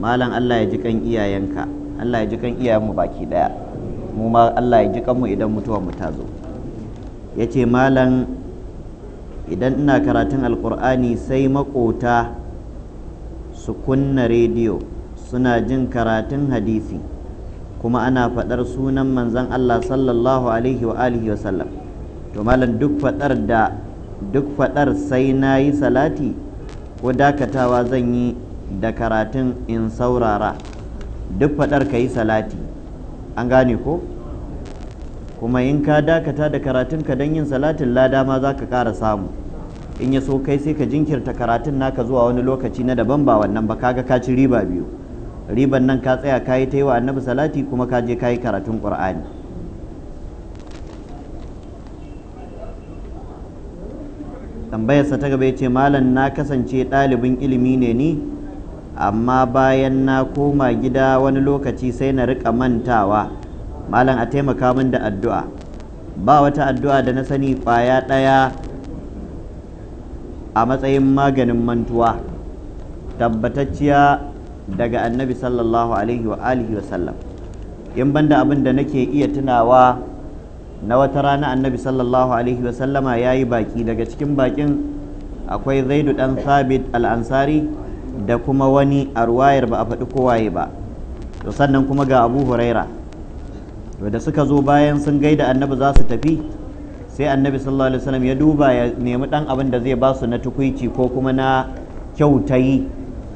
malam Allah ya ji kan iyayenka Allah ya ji kan iyayenmu baki daya mu ma Allah ya ji kanmu idan mutuwar mu ta zo ya ce malam idan ina karatun alkur'ani sai makota su kunna rediyo suna jin karatun hadisi kuma ana faɗar sunan manzon Allah sallallahu alaihi wa alihi wa sallam to malam duk faɗar da duk faɗar sai na yi salati ko dakatawa zan yi da karatun in saurara duk faɗar ka yi salati an gane ko kuma in ka dakata da karatun ka don yin salatin lada ma za ka ƙara samu in ya so kai sai ka jinkirta karatun naka zuwa wani lokaci na daban ba wannan ba kaga ka ci riba biyu riban nan ka tsaya ka yi ta yi wa annabi salati kuma ka je ka yi karatun ƙur'ani tambayarsa ta gaba ya ce malam na kasance ɗalibin ilimi ne ni amma bayan na koma gida wani lokaci sai na rika mantawa malam a taimaka min da addu'a ba wata addu'a da na sani ƙwaya ɗaya a matsayin maganin mantuwa tabbatacciya daga annabi sallallahu alaihi wa alihi wa sallam in banda abin da nake iya tunawa na wata rana annabi sallallahu alaihi wa sallama ya yi baki daga cikin bakin akwai zaidu dan sabit al-ansari da kuma wani a ruwayar ba a faɗi kowaye ba to sannan kuma ga abu huraira da suka zo bayan sun gaida annabi za su tafi sai annabi sallallahu alaihi wasallam ya duba ya nemi dan abin da zai ba su na tukuici ko kuma na kyautayi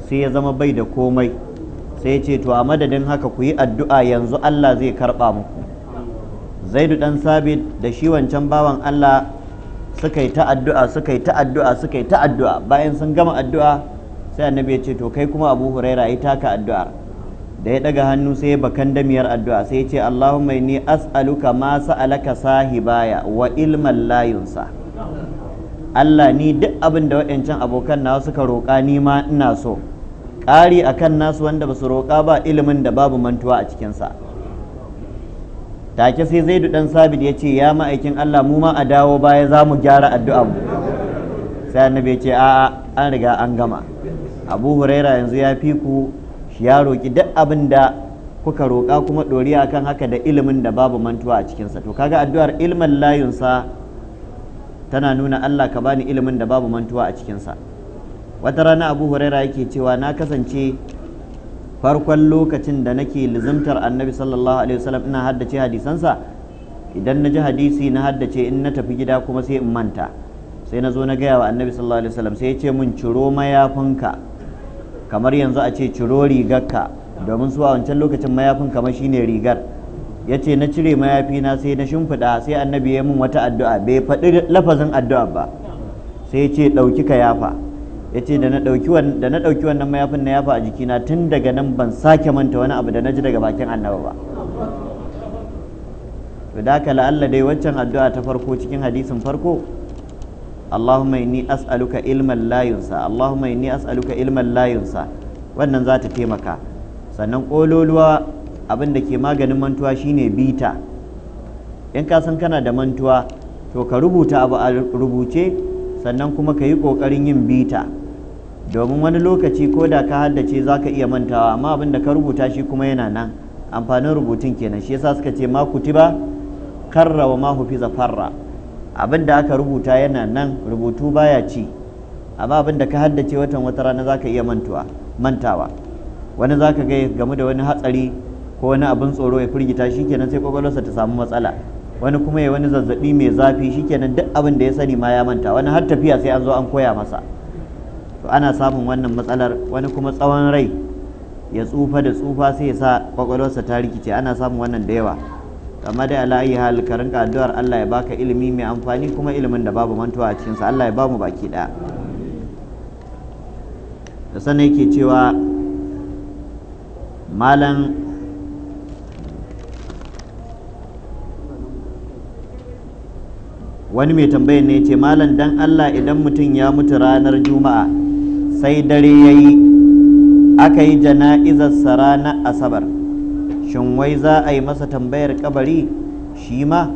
sai ya zama bai da komai sai ya ce to a madadin haka ku yi addu'a yanzu Allah zai karɓa muku zaidu dan sabit da shi wancan bawan Allah suka yi ta addu'a suka yi ta addu'a suka yi ta addu'a bayan sun gama addu'a sai annabi ya ce to kai kuma abu huraira yi taka addu'a da ya daga hannu sai ya bakan damiyar addu'a sai ya ce allahumma inni as'aluka ma sa'alaka sahibaya wa ilman layunsa Allah ni duk abin da waɗancan abokan nawa suka roƙa ni ma ina so ƙari akan nasu wanda basu su roƙa ba ilimin da babu mantuwa a cikin sa take sai zaidu dan sabit ya ce ya ma'aikin Allah mu ma a dawo baya za mu gyara addu'a sai annabi ya ce a'a an riga an gama abu huraira yanzu ya fi ku ya roƙi duk abin da kuka roƙa kuma ɗoriya akan haka da ilimin da babu mantuwa a cikinsa to kaga addu'ar ilmin layunsa tana nuna Allah ka bani ilimin da babu mantuwa a cikinsa wata rana abu huraira yake cewa na kasance farkon lokacin da nake lizimtar annabi sallallahu alaihi wasallam ina haddace hadisansa idan na ji hadisi na haddace in na tafi gida kuma sai in manta sai na zo na gaya wa annabi sallallahu alaihi wasallam sai ya ce mun ciro mayafinka kamar yanzu a ce ciro rigarka domin su a wancan lokacin mayafin kamar shine rigar ya ce na cire mayafi na sai na shimfiɗa sai annabi ya min wata addu'a bai faɗi lafazin addu'a ba sai ya ce ɗauki ka yafa ya ce da na ɗauki wannan mayafin na yafa a jikina tun daga nan ban sake manta wani abu da na ji daga bakin annabi ba to da haka la'alla dai waccan addu'a ta farko cikin hadisin farko Allahumma inni as'aluka ilman layinsa. Allahumma inni as'aluka ilman layunsa wannan za ta taimaka sannan ƙololuwa abin da ke maganin mantuwa shine bita in ka san kana da mantuwa to ka rubuta abu a rubuce sannan kuma ka yi ƙoƙarin yin bita domin wani lokaci ko da ka haddace za ka iya mantawa amma abin da ka rubuta shi kuma yana nan amfanin rubutun kenan shi yasa suka ce ma kutiba karra wa ma hufiza farra abin da aka rubuta yana nan rubutu baya ci amma abin da ka haddace watan wata rana za ka iya mantawa wani za ka ga game da wani hatsari ko wani abin tsoro ya firgita shi kenan sai kwakwalwarsa ta samu matsala wani kuma ya wani zazzabi mai zafi shi kenan duk abin da ya sani ma ya manta wani har tafiya sai an zo an koya masa to ana samun wannan matsalar wani kuma tsawon rai ya tsufa da tsufa sai ya sa kwakwalwarsa ta rikice ana samun wannan da yawa amma dai ala ayi hal ka addu'ar Allah ya baka ilimi mai amfani kuma ilimin da babu mantuwa a cikinsa Allah ya ba baki ɗaya da sannan yake cewa malam wani mai tambayar ne ce malam dan Allah idan mutum ya mutu ranar juma'a sai dare ya yi aka yi jana'izarsa ranar asabar shin wai za a yi masa tambayar kabari shi ma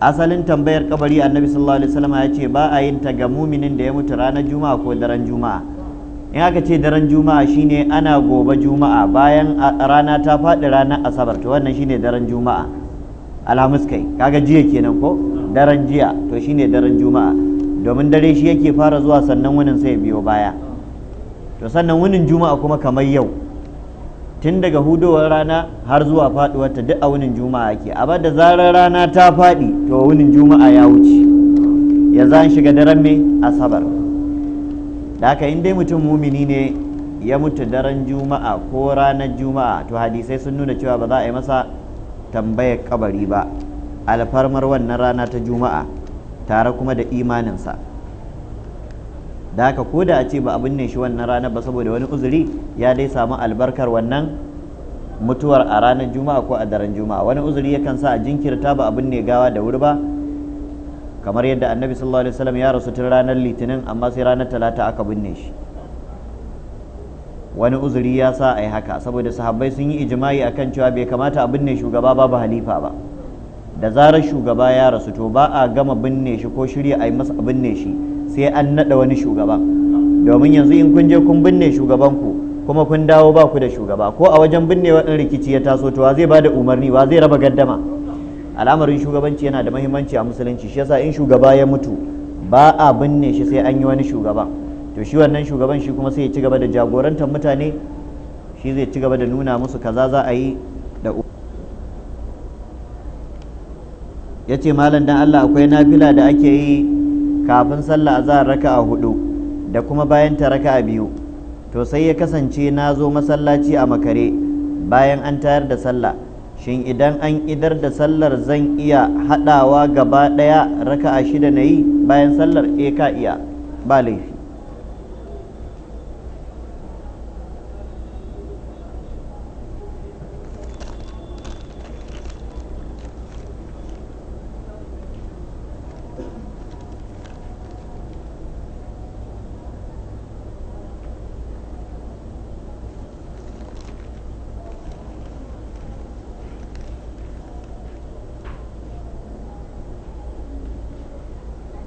asalin tambayar kabari annabi sallallahu alaihi wasallam ya ce ba a yin ta ga muminin da ya mutu ranar juma'a ko daren juma'a in aka ce daren juma'a shine ana gobe juma'a bayan rana ta faɗi ranar asabar to wannan shine daren juma'a alhamis kai kaga jiya kenan ko daren jiya to shine daren juma'a domin dare shi yake fara zuwa sannan wunin sai biyo baya to sannan wunin juma'a kuma kamar yau tun daga hudowar rana har zuwa ta duk a wunin juma'a ke amma da zarar rana ta faɗi to wunin juma'a ya wuce yanzu an shiga daren mai asabar da haka in dai mutum mumini ne ya mutu daren juma'a ko ranar juma'a to hadisai sun nuna cewa ba za a yi masa tambayar kabari ba alfarmar wannan rana ta juma'a tare kuma da imaninsa da haka ko da a ce ba abin ne shi wannan rana ba saboda wani uzuri ya dai samu albarkar wannan mutuwar a ranar juma'a ko a daren juma'a wani uzuri yakan sa a jinkirta ba abin ne gawa da wuri ba kamar yadda annabi sallallahu alaihi wasallam ya rasu tun ranar litinin amma sai ranar talata aka binne shi wani uzuri ya sa a yi haka saboda sahabbai sun yi ijimai akan cewa bai kamata a binne shugaba babu halifa ba da zarar shugaba ya rasu to ba a gama binne shi ko shirya a yi masa binne shi sai an naɗa wani shugaban domin yanzu in kun je kun binne shugabanku kuma kun dawo ba ku da shugaba ko a wajen binne wani rikici ya taso to wa zai ba da umarni wa zai raba gaddama al'amarin shugabanci yana da mahimmanci a musulunci shi yasa in shugaba ya mutu ba a binne shi sai an yi wani shugaban to shi wannan shugaban shi kuma sai ya ci gaba da jagorantar mutane shi zai ci gaba da nuna musu kaza za a yi da ya ce malam dan Allah akwai nafila da ake yi kafin sallah a raka a hudu da kuma bayan ta raka a biyu to sai ya kasance na zo masallaci a makare bayan an tayar da sallah shin idan an idar da sallar zan iya haɗawa gaba ɗaya a shida na yi bayan sallar eka eh, iya ba laifi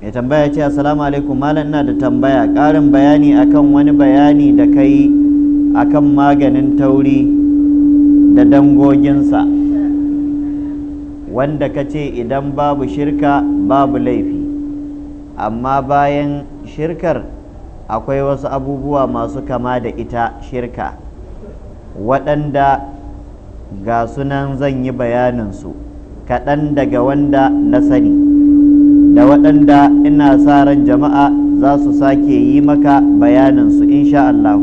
ya tambaya ce assalamu alaikum malam ina da tambaya ƙarin bayani akan wani bayani da kai akan maganin tauri da dangoginsa wanda ka ce idan babu shirka babu laifi amma bayan shirkar akwai wasu abubuwa masu kama da ita shirka waɗanda ga sunan zan yi bayaninsu kaɗan daga wanda na sani da waɗanda ina sa ran jama'a za su sake yi maka bayaninsu insha Allah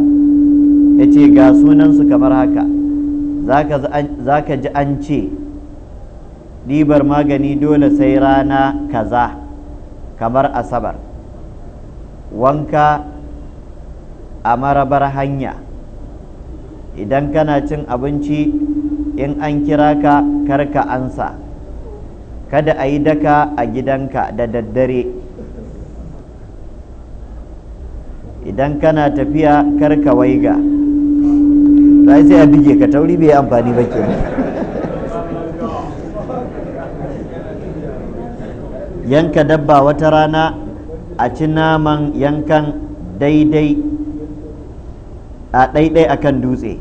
ya ce ga sunansu kamar haka za ka ji an ce ribar magani dole sai rana kaza kamar asabar wanka a marabar hanya idan kana cin abinci in an kira ka karka ansa kada a yi daka a gidanka da daddare idan kana tafiya karka waiga sai sai a bige ka tauri bai amfani ba ke yanka dabba wata rana a ci naman yankan daidai a daidai akan dutse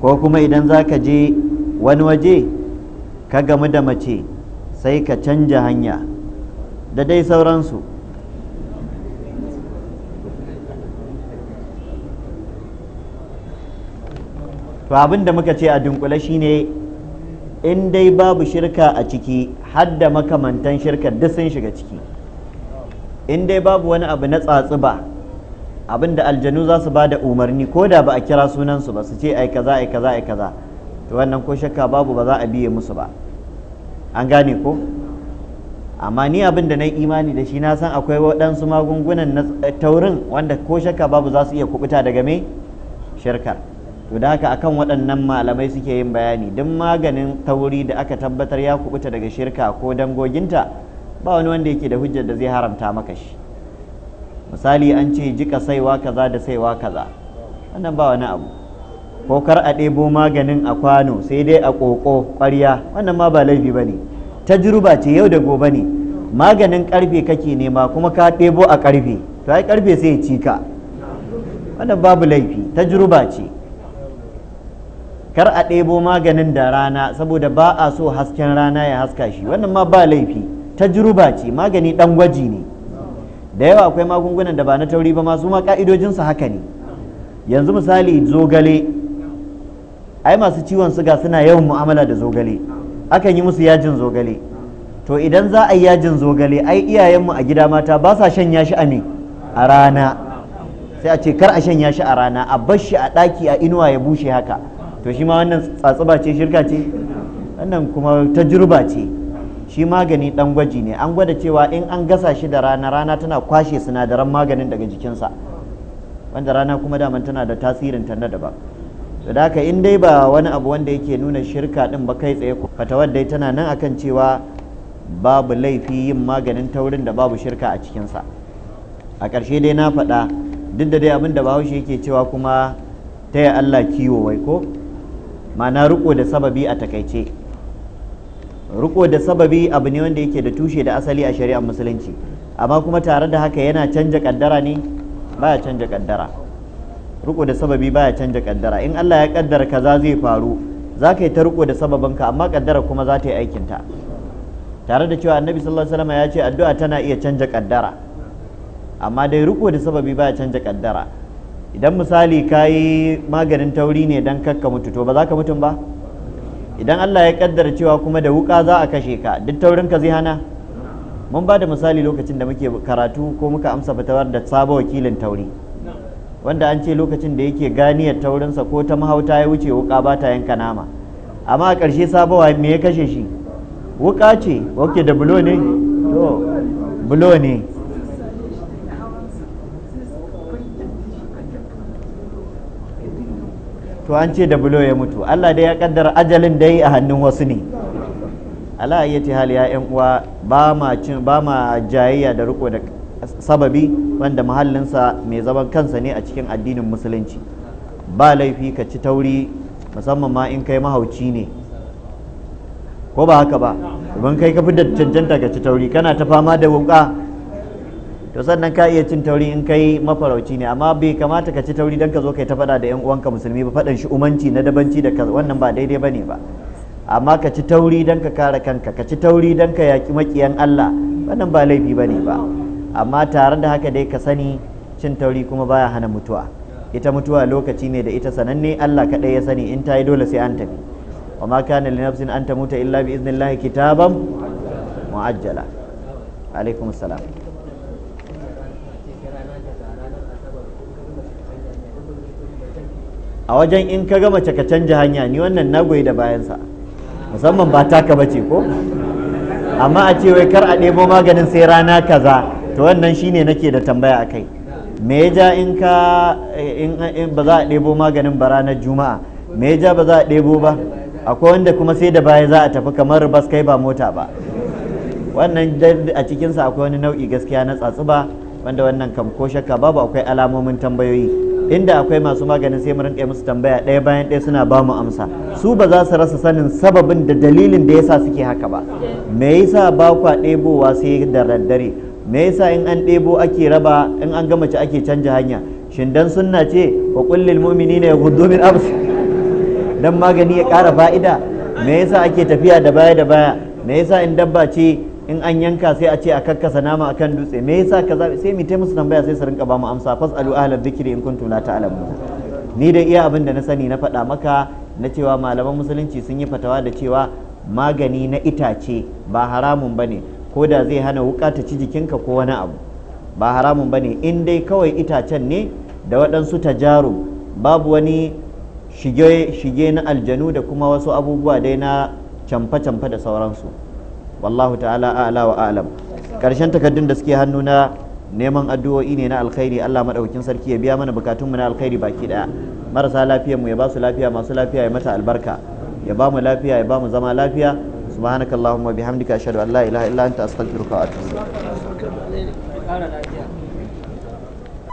ko kuma idan za ka je wani waje ka gamu da mace sai ka canja hanya da dai sauransu to abin da muka ce a dunkule shine in dai babu shirka a ciki hadda makamantan shirka duk sun shiga ciki in dai babu wani abu na tsatsuba abin aljanu za su ba da umarni ko da ba a kira sunansu ba su ce ai kaza ai kaza ai kaza to wannan ko shakka babu ba za a biye musu ba an gane ko amma ni abinda da na yi imani da shi na san akwai waɗansu magungunan na taurin wanda ko shakka babu za su iya kubuta daga me shirkar to da haka akan waɗannan malamai suke yin bayani duk maganin tauri da aka tabbatar ya kubuta daga shirka ko dangoginta ba wani wanda yake da hujjar da zai haramta maka shi misali an ce jika saiwa kaza da saiwa kaza wannan ba wani abu ko kar a ɗebo maganin a kwano sai dai a ƙoƙo ƙwarya wannan ma ba laifi ba ne tajruba ce yau da gobe ne maganin ƙarfe kake nema kuma ka ɗebo a ƙarfe to ai ƙarfe sai ya ci ka wannan babu laifi tajruba ce kar a ɗebo maganin da rana saboda ba a so hasken rana ya haska shi wannan ma ba laifi tajruba ce magani ɗan gwaji ne da yawa akwai magungunan da ba na tauri ba masu ma su haka ne yanzu misali zogale ai masu ciwon suga suna yawan mu'amala da zogale akan yi musu yajin zogale to idan za a yi yajin zogale ai iyayenmu a gida mata ba sa shanya shi a me a rana sai a ce kar a shanya shi a rana a bar shi a ɗaki a inuwa ya bushe haka to shi ma wannan tsatsuba ce shirka ce wannan kuma tajruba ce shi magani dan gwaji ne an gwada cewa in an gasa shi da rana rana tana kwashe sinadaran maganin daga jikinsa wanda rana kuma daman tana da tasirin ta na daban to da in dai ba wani abu wanda yake nuna shirka din ba kai tsaye fatawar dai tana nan akan cewa babu laifi yin maganin taurin da babu shirka a cikinsa a ƙarshe dai na faɗa duk da dai abin da bahaushe yake cewa kuma taya Allah kiwo wai ko ma'ana riko da sababi a takaice riko da sababi abu ne wanda yake da tushe da asali a shari'ar musulunci amma kuma tare da haka yana canja kaddara ne baya canja kaddara riko da sababi baya canja kaddara in Allah ya kaddara kaza zai faru za yi ta riko da sababinka amma kaddara kuma za ta yi aikinta tare da cewa annabi sallallahu alaihi wasallam ya ce addu'a tana iya canja kaddara amma dai riko da sababi baya canja kaddara idan misali kayi maganin tauri ne dan kakka mutu to ba za ka mutum ba idan Allah ya kaddara cewa kuma da wuka za a kashe ka duk taurin ka zai hana mun ba da misali lokacin da muke karatu ko muka amsa fitawar da saba wakilin tauri wanda an ce lokacin da yake ganiyar taurinsa ko ta mahauta ya wuce wuka ba ta yanka nama amma a ƙarshe sabawa me ya kashe shi wuka ce wake da bulo ne to bulo ne to an ce da bulo ya mutu Allah dai ya kaddara ajalin dai a hannun wasu ne ya ce hal ya yan uwa ba ma cin ba ma jayayya da riko da sababi wanda mahallinsa mai zaman kansa ne a cikin addinin musulunci ba laifi ka ci tauri musamman ma in kai mahauci ne ko ba haka ba idan kai ka fi da cancanta ka ci tauri kana ta fama da wuka to sannan ka iya cin tauri in kai mafarauci ne amma bai kamata ka ci tauri dan ka zo kai ta faɗa da yan uwanka musulmi ba faɗan shi umanci na dabanci da wannan ba daidai ba ne ba amma ka ci tauri don ka kare kanka ka ci tauri don ka yaƙi maƙiyan Allah wannan ba laifi ba ne ba amma tare da haka dai ka sani cin tauri kuma baya hana mutuwa ita mutuwa lokaci ne da ita sananne Allah kaɗai ya sani in ta yi dole sai an tafi wa ma kana li nafsin an tamuta illa bi idnillahi kitaban mu'ajjala alaikum assalam a wajen in ka gama ka canja hanya ni wannan na goyi da bayansa musamman ba taka bace ko amma a ce wai kar a ɗebo maganin sai rana kaza to wannan shine nake da tambaya a kai me ya ja in ka in ba za a ɗebo maganin ba ranar juma'a me ya ja ba za a ɗebo ba akwai wanda kuma sai da baya za a tafi kamar bas kai ba mota ba wannan a cikinsa akwai wani nau'i gaskiya na tsatsuba wanda wannan kam ko shakka babu akwai alamomin tambayoyi inda akwai masu maganin sai mu rinka musu tambaya ɗaya bayan ɗaya suna ba mu amsa su ba za su rasa sanin sababin da dalilin da yasa suke haka ba me yasa ba kwa ɗebowa sai da daddare me yasa in an ɗebo ake raba in an gama ci ake canja hanya shin dan sunna ce wa kullil mu'minina yaghuddu min absar dan magani ya ƙara fa'ida me yasa ake tafiya da baya da baya me yasa in dabba ce in an yanka sai a ce a kakkasa nama kan dutse me yasa ka zabi sai mu musu tambaya sai su rinka ba mu amsa fasalu ahlal dhikri in kuntum la ta'lamun ni da iya abin da na sani na faɗa maka na cewa malaman musulunci sun yi fatawa da cewa magani na itace ba haramun bane ko da zai hana wuka ta ci jikinka ko wani abu ba haramun bane in dai kawai itacen ne da waɗansu tajaru babu wani shige na aljanu da kuma wasu abubuwa dai na canfa canfa da sauransu wallahu ta'ala a'la wa a'lam karshen takaddun da suke hannu na neman addu'o'i ne na alkhairi Allah madaukakin sarki ya biya mana bukatun mu na alkhairi baki daya marasa lafiyar mu ya ba su lafiya masu lafiya ya mata albarka ya ba mu lafiya ya ba mu zama lafiya subhanakallahumma bihamdika ashhadu an la ilaha illa anta astaghfiruka wa atubu ilaik